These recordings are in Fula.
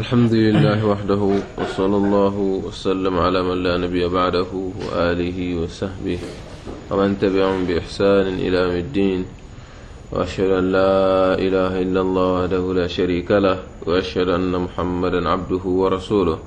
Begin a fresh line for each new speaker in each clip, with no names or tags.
الحمد لله وحده وصلى الله وسلم على من لا نبي بعده وآله وصحبه ومن تبعهم بإحسان إلى يوم الدين وأشهد أن لا إله إلا الله وحده لا شريك له وأشهد أن محمدا عبده ورسوله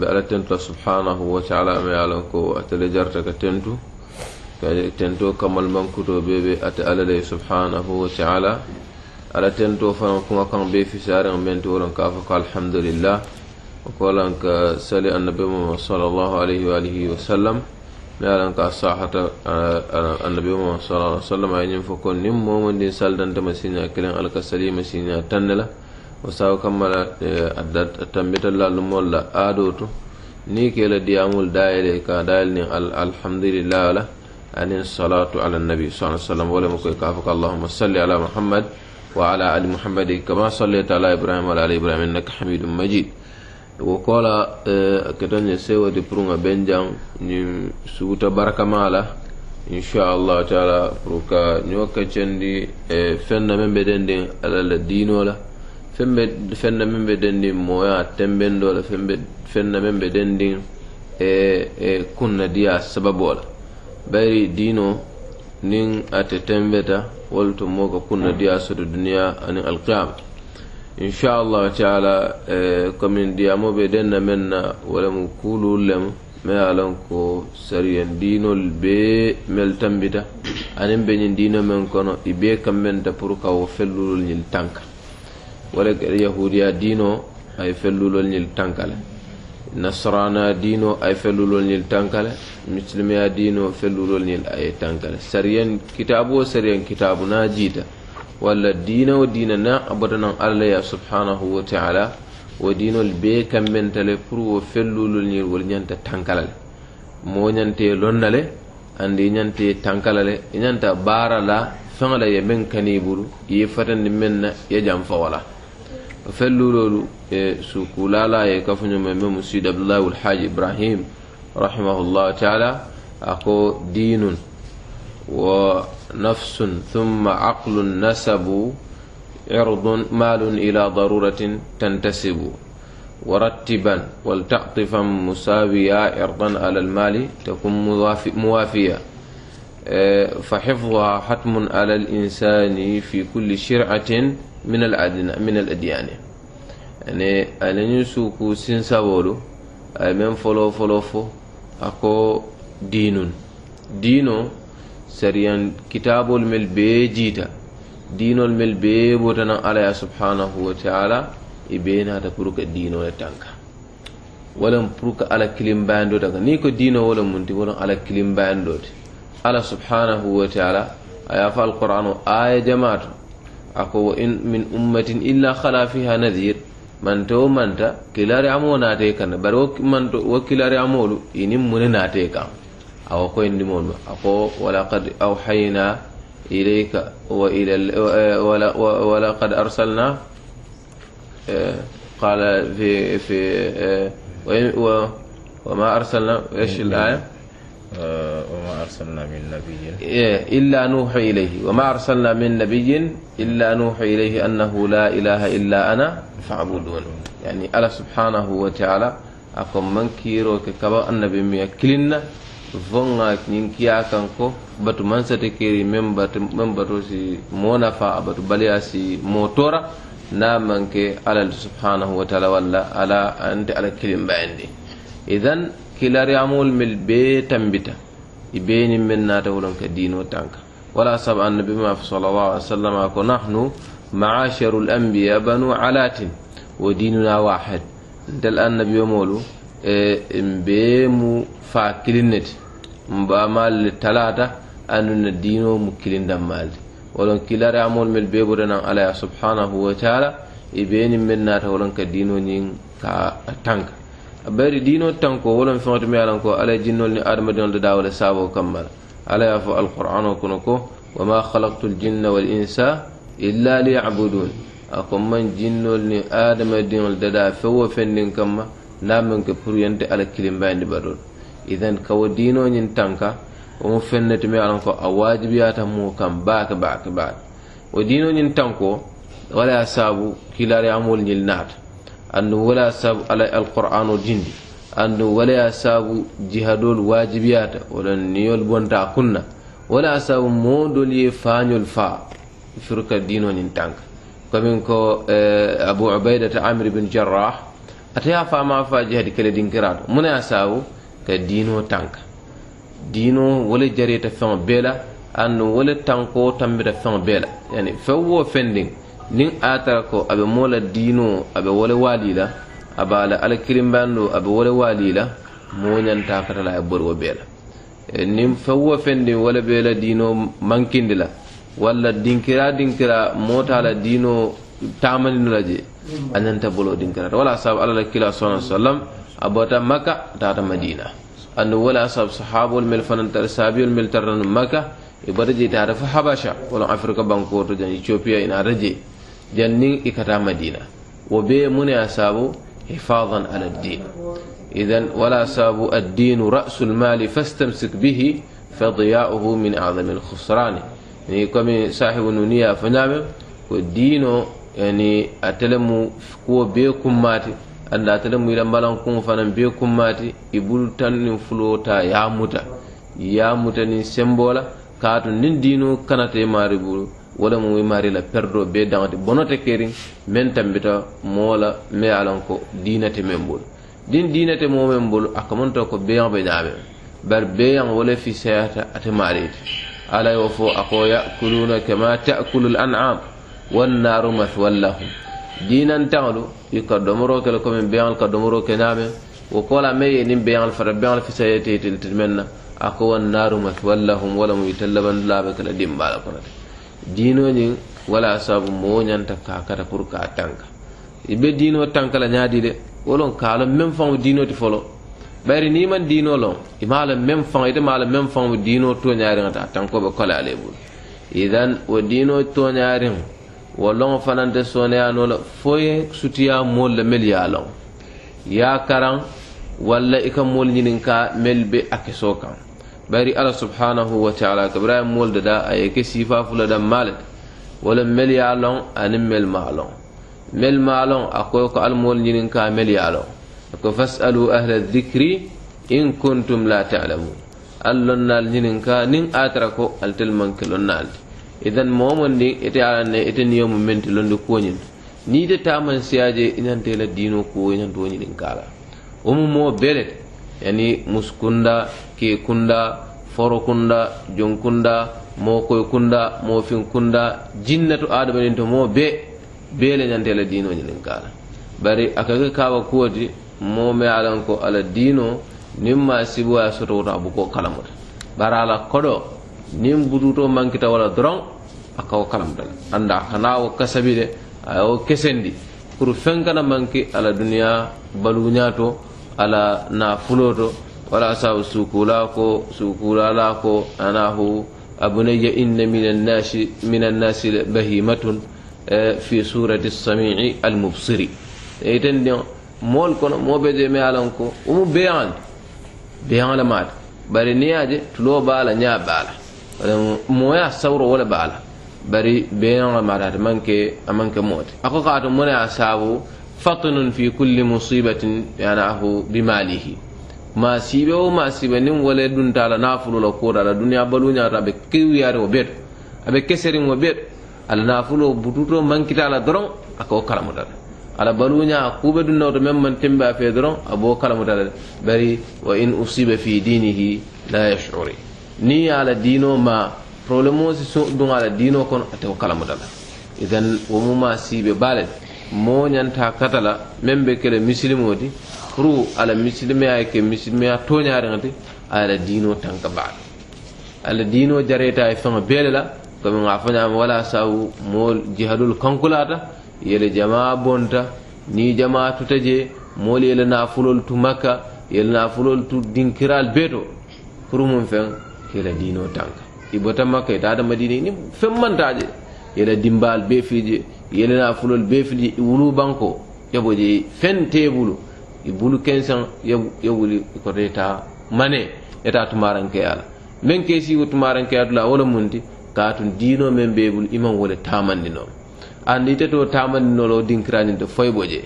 بألا تنتو سبحانه وتعالى ما يعلمك وأتلجرتك تنتو تنتو كما المنكتو بيبي أتألدي سبحانه وتعالى على تنتو فان كما كان بي في سعر من تورن الحمد لله وقال انك سلي النبي محمد صلى الله عليه واله وسلم لا ان صحه النبي محمد صلى الله عليه وسلم اين فكون نم مومن دي سالدان تما سينيا كلين الك سليم سينيا تنلا وساو كمل ادات تمت الله المولى ادوتو ني كيل ديامول دايري كا دايلني الحمد لله عليه الصلاه على النبي صلى الله عليه وسلم ولم كافك اللهم صل على محمد وعلى آل محمد كما صليت على إبراهيم وعلى آل إبراهيم إنك حميد مجيد وقال كتن سوى تبرون بنجان سوت بركة مالا إن شاء الله تعالى بروكا نيوكا تشندي فن من بدن على الدين ولا فن من بدن مويا تنبند ولا فن من بدن كنا ديا سبب ولا بيري دينو نين أتتنبتا wolto mooga kunna diya sodo duniya anin alqiyama inchallahu taala e, komin diyamoɓe denna men na walamu kuulol lem ma alon ko sariyan diinol be mel tambita anin beñin diino men kono i be kammenta pour ka wo fellulol ñil tanka wala kede yahudiya diino ay fellulol ñil tankale nasrana dino ay fellulol ñil tankale muslimeya dino fellulol ñil ay tankale sarian kitabu o sarian kitabu na jiita walla dina o dina na abotanan allah ya subhanahu wa taala wo dinol be kammentale pour wo fellulol ñil wol ñanta tankalale mo ñante lonnale andi ñante tankalale ñanta baara la feŋola ye meŋ kaniburu ye fatandi men na ye jam fawola فلولو إيه، سوكولالا يكفن إيه، من مسيد عبد الله والحاج إبراهيم رحمه الله تعالى أكو دين ونفس ثم عقل نسب عرض مال إلى ضرورة تنتسب ورتبا ولتعطفا مساويا عرضا على المال تكون موافية فحفظها حتم على الإنسان في كل شرعة من الأديان من الأديان يعني ألن يسوكو سابولو أمن فلو فلو فو أكو دين دينو سريان كتاب المل بيجيتا دين المل بيبوتنا على سبحانه وتعالى هذا تبرك دينو لتنكا ولم بروك على باندو دوتا نيكو دينو ولم منتي ولم على باندو دوتا ala subhanahu wa taala aya fa alqur'anu aya jama'atu ako in min ummatin illa khala fiha nadhir manta wo manta kilari amo naate kan bari wo manto wo kilari amolu inin mune naate kan awo koyindimol ma ako walaqad awhayna ilayka wa ila walaqad arsalna قال في في وما أرسلنا إيش الآية وما أرسلنا من نبي إلا نوحي إليه وما أرسلنا من نبي إلا نوحي إليه أنه لا إله إلا أنا فاعبدون يعني الله سبحانه وتعالى أكون من كيرو كبا النبي ميكلنا vonga nin kiya kanko batu man sate keri men batu men batu si mona fa batu baliya si motora na manke alal subhanahu wa ta'ala walla ala ante ala kilim bayandi idan kilariyamol mel bee tambita i beenin men naata wolon ka diino tanka wala sabu annabi ma sallallahu alaihi wasallam ko nahnu ma'asharu anbiya banu alatin wa dinuna wahid dal annabi yomolu e mbe mu fa kilinneti mba mal talata anuna dino mu kilindam malde wolon kilare amol mel be buranan ala subhanahu wa ta'ala ibeni men nata wolon ka dino nyin ka tanka bari diino tanko wolon feŋoto mi ye lan ko alla ye ni adamadiŋolu dadaa wo le saaboo kamma la fo alqur'ano kono ko wa ma halaktu wal insa illa liyabudun a man jinnol ni adamadiŋolu dadaa feŋ wo feŋ niŋ kamma naa meŋ ke pour yente alla kilimbayindi badol idan ka wo diino tanka o mo feŋ mi ye ko a waajibiyaata moo kaŋ baake baaka baake wo diino ñiŋ tanko wala sabu a saabu kiilaariyamoolu ñiŋ naata andu wala sabu ala alqur'anu jindi andu wala sabu jihadol wajibiyata wala niyol bonta kunna wala sabu modol ye fañol fa firka dino nin tanka komin ko e, abu ubaidata amir bin jarrah ataya fama fa jihadi kele dinkirato muna sabu ka dino tanka dino wala jareta feŋo bee la wala tanko tambita feŋo bee la yani few fending nin atara ko abe mola dino abe wole walila aɓa ala bando abe wole walila ta katala la bor wo bela e nin fawo fendi wala bela dino mankindila la dinkira dinkira dinkira la dino tamaninola je a nanta bolo dinkira wala sab ala kila sallallahu sallam a bota ta tata madina andu wala sabu sahabol mel fanantar sabiol mel tarranu makka e bata je ta fo habasha wala afrique to jan ethiopia ina raje je jannin ikata madina wo be mune a saabu hifadan ala ddin idan wala saabu addinu rasu lmali fastamsik bihi fadiya'uhu min adami alkhusrani ni komi sahibu nuniya fo ñaame ko diino yani atele mu kuwo bee kummaati anda atele mu ila mbalankuŋo fanaŋ bee kummaati i bulu tan niŋ fuloo ta yaamuta yaamuta niŋ sembo la kaatu niŋ diino kanate maari bulu wala mu wi mari la perdo be daŋati bonote kering meen tambita moola la me ko diinate meŋ bulu diŋ diinate moo meŋ bulu a kamunta ko beyaŋ be ñaameŋ bari beyaŋ wo le fisayata ate maariite ala yo fo a ko yakuluna kama takulu l an'am wannaaru mathwan lahum diinantaŋolu i ka domoro ke le komiŋ beyaŋolu ka domoro ke ñaameŋ wo kola meŋ ye niŋ beyaŋolu fata beyaŋolu fisayete itil ti meŋ a ko wannaaru mathwan lahum wala diinoñin wala sababu mowoñanta ka kata pour ka tanka ibe diino tanka la ñaadi de wolon kaalo même faŋo diino ti folo bayri niiman diino lon imala même faŋ ite maala même faŋo diino toñaariŋata a tankoɓe kole ale bulu idan wo diino toñaariŋ wo loŋo fanante sooneyano la foye sutiya moolu la melu ye a loŋ ya karaŋ walla i ka moolu ñininka melu be akeso kaŋ bari ala subhanahu wa ta'ala kabra mol da aye ke sifa fula da malet wala mel ya lon anin mel malon mel malon akoy ko al mol nyinin ka mel ya lon ko fasalu ahla dhikri in kuntum la ta'lamun allon nal nyinin ka nin atara ko altel man kelon nal idan momon din ite ala ne ite niyomu menti londi kuonyin ni de taman siaje inante la dino ko inanto nyinin kala umu mo belet yani muskunda ke kunda foro kunda jon kunda mo koye kunda mofin kunda jinnatu adamaɗin to mo be be le ñantela dinoji nin kala bari akake kawa kuwati momi alan ko ala dino nin ma sibuwa soto wota buko kalamuta bara ala koɗo nin bututo mankita wala doron akawo kalamutala anda kanawo kasabi de ayawo kesendi pour fenkana manki ala duniya baluñato ala nafuloto wala sabu sukula ko sukulala ko anahu abuneya inna min annasi le bahimatun e, fi surati samici almubsiri eyiten ɗin mool kono moɓe de mi alan ko omu beyaande beyaanla maade bari niyaje tulo baala ña baala moya sawro wole baala bari beyaanla maadaate manke amanke moote ako kaato mone a saabu fatunun fi culli musibatin yanahu bimalihi masiɓe o masiɓe nin wale ɗuntala nafulula kurala duniya baluñata aɓe kewiyare o ɓeeɗo aɓe keserin o ɓeeɗo ala nafulo bututo mankitala doron aka o kalamutata ala baluña kuɓe ɗunnawto même man tembe a fe doron abo kalamutata bari wa in usiba fi dinihi la yashuri ni ala dino ma problème o si ɗum ala dino kono ateko kalamutata iden womu masiɓe baalede moñanta katala meŋ be kele misilimo ti pour ala misilimeya ye ke misilimeya toñariŋa ti ala diino tanka baalu ala diino jareta ye feŋa beele la comme a fo ñaama wala sawu mool jihadul kankulata yele jama bonta ni jama tuta je moolu yele nafulol tu makka yele nafulol tu dinkiral bee to pour mum feŋ kela diino tanka i bota makka ita e adamadina ni feŋ mantaje yele dimbal bee fii je yelena fulol befidi e wulu banko yaboje fen tebulu i e bulu kensan yewuli e kota ta mane eta tumaranke ala men ke sigo tumaranke adula wala mundi katun dino men bebul iman wala tamandinom andi teto tamandinolo dinkirani to foyboje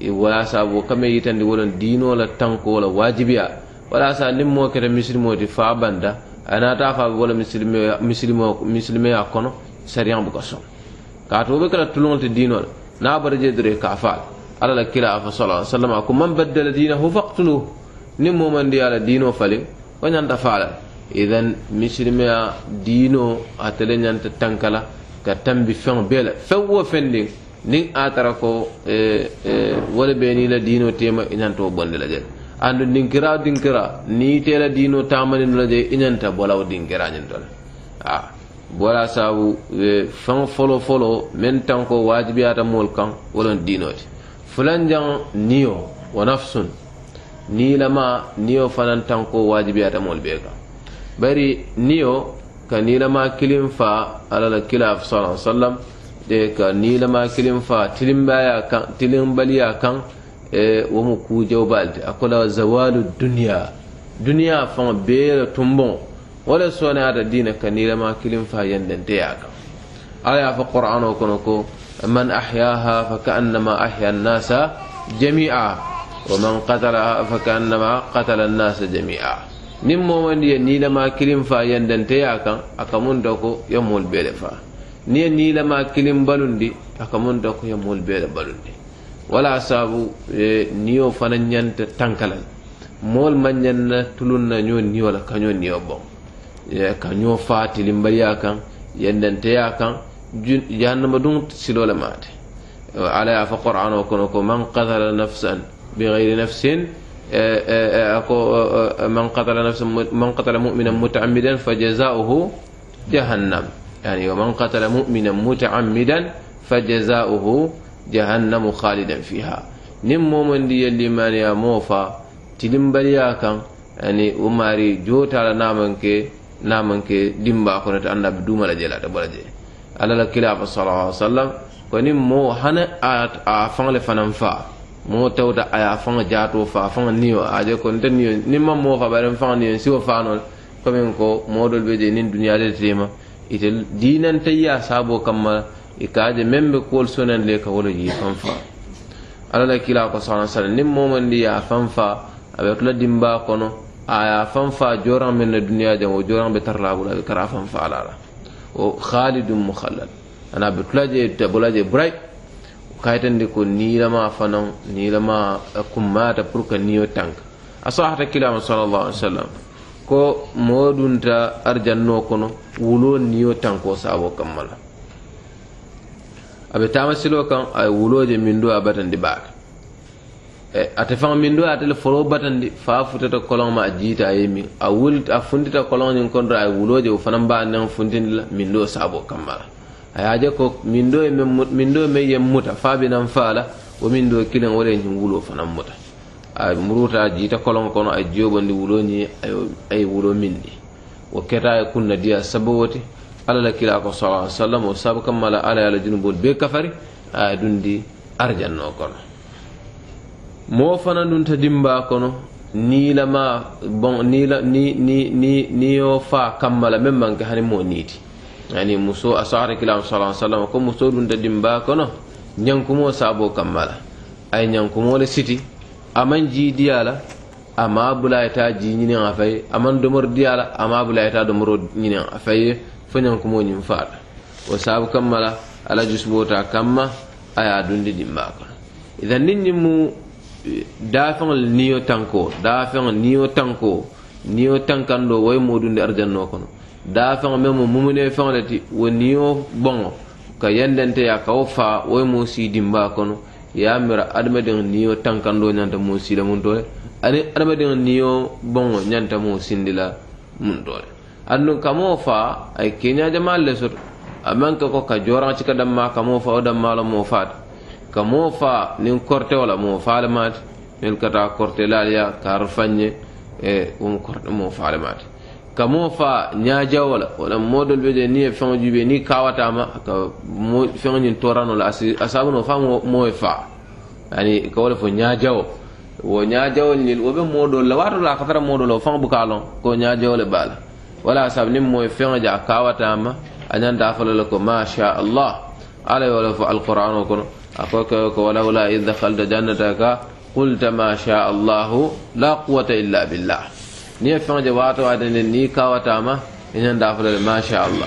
i wala sabo kame yitandi wala dino la tanko la wajibiya wala sa nim mo kete muslimo di fa banda anata fa wala muslimo muslimo muslimo ya kono sariyan bu ko son kaatu be kala tuluŋol ti diino la na bara je dore ka faal ala la kila afa sala sallam ko man baddala dinahu faqtuluhu ni momandi ala diino fali o ñanta faala idan misilimeya diino atele ñanta tankala ka tambi feŋ bee la feŋ wo feŋ ndiŋ niŋ a tara ko wo le be nii la diino tema i ñantoo bondi la jele andu dinkira dinkira niŋ ite la diino taamani nu la je i ñanta bolawo dinkira ñinto la a bola sabu e fan folo folo men tanko wajibiyata mol kan wolon dinoti fulanjan niyo wa nafsun nilama niyo fanan ko wajibiyata mol be kan bari niyo ka nilama kilin fa la kila sallallahu sallam de ka nilama kilin fa tilimbaya kan tilimbaliya kan e wo mu kujo balde akola zawalu dunya dunya fa be tumbon wala sone ata dina ka nilama kilin fa yandenteya kan ala ya fa qur'ano kono ko man ahyaha fa kaannama ahya annasa jami'a wa man qatalaha fa kaannama qatala annasa jami'a nin momandi ye nilama kilin fa yandenteya kan aka mun to ko yomol bele fa ni ye nilama kilin balundi aka mun to ko yomol bele balundi wala sabu niyo fana ñanta tankalal mool ma ñanna tulun na ñoo niyo la kañoo niyo bon ka ñoo faa tilimbaliya kan yendanteya kan jahannama dun silo le maate ala ye a fo qur'an o kono ko man qatala nafsan bigayri nafsin ako man qatala nafsan man qatala mu'minan mutaammidan fa jazaohu jahannam yani man qatala mu'minan mutaammidan fa jazaohu jahannamu khalidan fiha nin momondi yellimaniya moo fa tilimbaliya kan ani wo maari jootala naman ke namanke dimba konoto anda be dumala jelata bola je alla la kilafa salaa sallam koni mo hane a fanle fanan fa mo tawta aya fan jato fa fan niyo aje konte niyo ni ma mo fa bare fan niyo siwo fano comme ko modol be je nin duniya le tema itel dinan tayya sabo kamma e kaje membe kol sonan le ka wolo yi fan fa alla la kilafa salaa sallam ni mo mandi ya fan fa abe to la dimba kono aya fanfa joran men na duniya jam o joran be tarlabula be kara fanfa alala o khalidum mukhallal ana be tulaje ta bolaje bray kaytande ko nilama fanan nilama kummata pour que niyo tank asahata kilama sallallahu alaihi wasallam ko modun ta arjanno kono wulo niyo tanko sabo kammala abe tamasilo kan ay wuloje min do abatan di baaka E, a tefaŋ min do a tele foro batandi fa futata koloŋ ma a jiita a ye min a wul a funtita koloŋ ñiŋ kon do a ye wulo je wo fanaŋ ba neŋ funtindi la min do saabo kamma la a ye a je ko min do e min do e meŋ ye muta fa bi naŋ fa la wo min do kiliŋ wo le ñiŋ wulo fanaŋ muta a muruta a jiita koloŋ kono a jio bondi wulo ñi a ye wulo min di wo keta ye kunna diya sabo wo ti alla la kila ko sala sallam wo saabu kamma la ala ye a la junubolu bee kafari a ye dundi arjanno kono moo fana nunta dimba kono niila ma bon niila ni ni ni niyo fa kammala meŋ manke hani moo niiti ani muso a sahara kilam sala sallam ko muso dunta dimba kono ñankumoo saaboo kammala ay ñankumoo le siti amaŋ jii diya la ama bulayita jii ñiniŋ a faye amaŋ domoro diya la ama bulayita domoro ñiniŋ a faye fo ñankumoo ñiŋ faata wo saabu kammala ala jusuboota kamma a ye a dundi dimba kono idan niŋ ñiŋ mu daafeŋol niyo tanko daafeŋ niyo tanko niyo tankando wo ye moodunde arjanno kono daafeŋ meŋ mo mumine feŋ le ti wo niyo boŋo ka yendente ya ka wo faa wo ye mo sii dimba kono ye a mira adamadiŋ niyo tankando ñanta mo siila mun to le ani adamadiŋ niyo boŋo ñanta mo sindila mun to le aduŋ ka moo faa ay keñaa jamaal le soto a maŋ ke ko ka jooraŋ cika danma ka moo faa wo danmaa la moo faata ka moo faa niŋ korte wo la moo faa le maati miŋ ka taa korte laaliya ka ar faññe e wo mu korte moo faa le maati ka moo faa ñaaja wo la wala moo dolu be je niŋ ye feŋo juube niŋ kaawataama ka mo feŋo ñiŋ torano la asi asaabunoo faa moo ye faa ani ka wo le fo ñaajawo wo ñaajawol ñil wo be moo dol la waato la a ka tara moo dol la wo faŋo buka loŋ ko ñaajawo le baa la wala sabu niŋ moo ye feŋo je a kaawataama a ñanta a fo la le ko macha allah ala ye wo le fo alqouran o kono أفك ولولا إذ دخلت جنتك قلت ما شاء الله لا قوة إلا بالله ني فان جوات وادن ني كاوتاما إن دافل ما شاء الله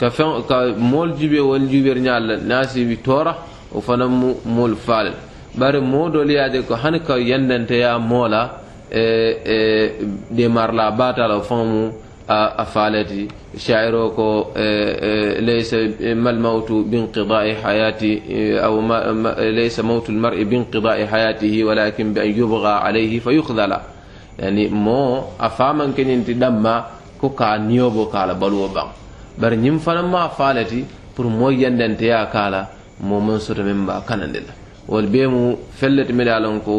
كفن كمول جبي ول جبي رنال ناس بتورا وفنم مول فال بار مودول يا ديكو هنكا يندنت يا مولا e e de marla batala famu أفالتي شاعرك آه، آه، ليس ما الموت بانقضاء حياتي آه، أو ما ليس موت المرء بانقضاء حياته ولكن بأن يبغى عليه فيخذل يعني مو أفاما كن انت دم كوكا نيوبو كالا بلو بان بر نيم فانا ما فالتي بور مو يندنتيا كالا مو منصر من با كانندل والبيمو فلت ميدالونكو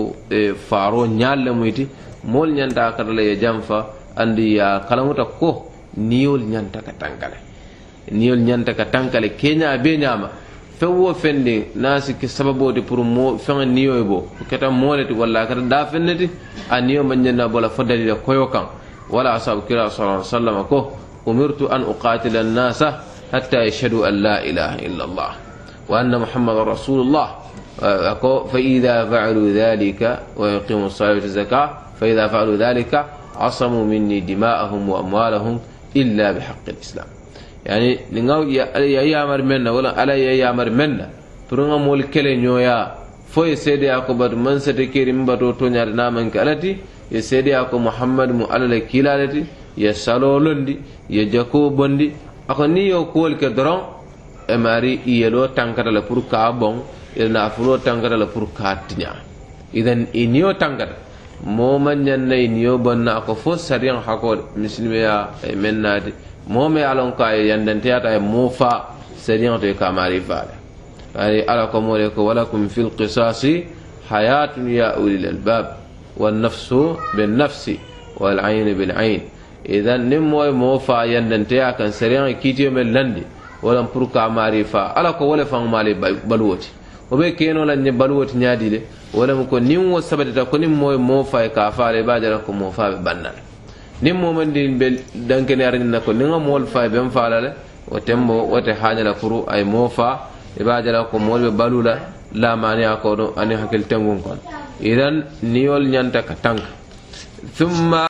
فارو نيال لميتي مول نيانتا لي يجامفا andi ya kalamuta ko niol nyanta ka tangale niol nyanta ka tangale kenya be nyama fewo fendi nasi ke sababu de pour mo fanga niyo bo keta moleti wala ti da fenneti a niyo maŋ ñanna bola fodali fo dalila koyo kaŋ wala asabu kira sallallahu alaihi wasallam ko umirtu an uqatila an-nasa hatta yashhadu an la ilaha illa allah wa anna muhammadan rasulullah ko fa ida falu dhalika wa yaqimu salaa wa zaka عصموا مني دماءهم وأموالهم إلا بحق الإسلام يعني لنغاو يا يامر منا ولا ألا يا يامر منا برنا مول كلي نيويا فوي سيدي أكو بات من ستكيري مباتو تونيار نامن كالتي يا سيدي أكو محمد مو على لكيلالتي يا سالو لندي يا جاكو بندي أكو نيو كول كدرون أماري إيلو تانكرا بور كابون إلنا أفلو تانكرا بور كاتنيا اذا إنيو تانكرا moma ñannayi niyo bonna ko fo sariyan hako misilimeya eh, men naati mome alon ko aye yandanteyata ye mo fa sariyan to kamari faale ari ala ko mole ko walakum fi lqisasi hayatun ya ulil albab wannafsu binnafsi walayn bilayn idan nin moye mo fa yandanteya kan sariyan kitiyo men landi walan pour kamari fa ala ko wole fan mali baluwoti o ɓe kenola baluwoti ñaadi de wolemu ko nin wo sabatita ko nin moye mofa e ka faala e ɓa jara ko mofaɓe bannal nin momandi ɓe dankene arañinna ko nin a mool fa e ɓen faala le o tembo wote haañala pour ay mofa e ɓa jara ko mool ɓe balula lamani a ko ɗum ani hakkille tengun kon idan niyol ñanta ka tanka summa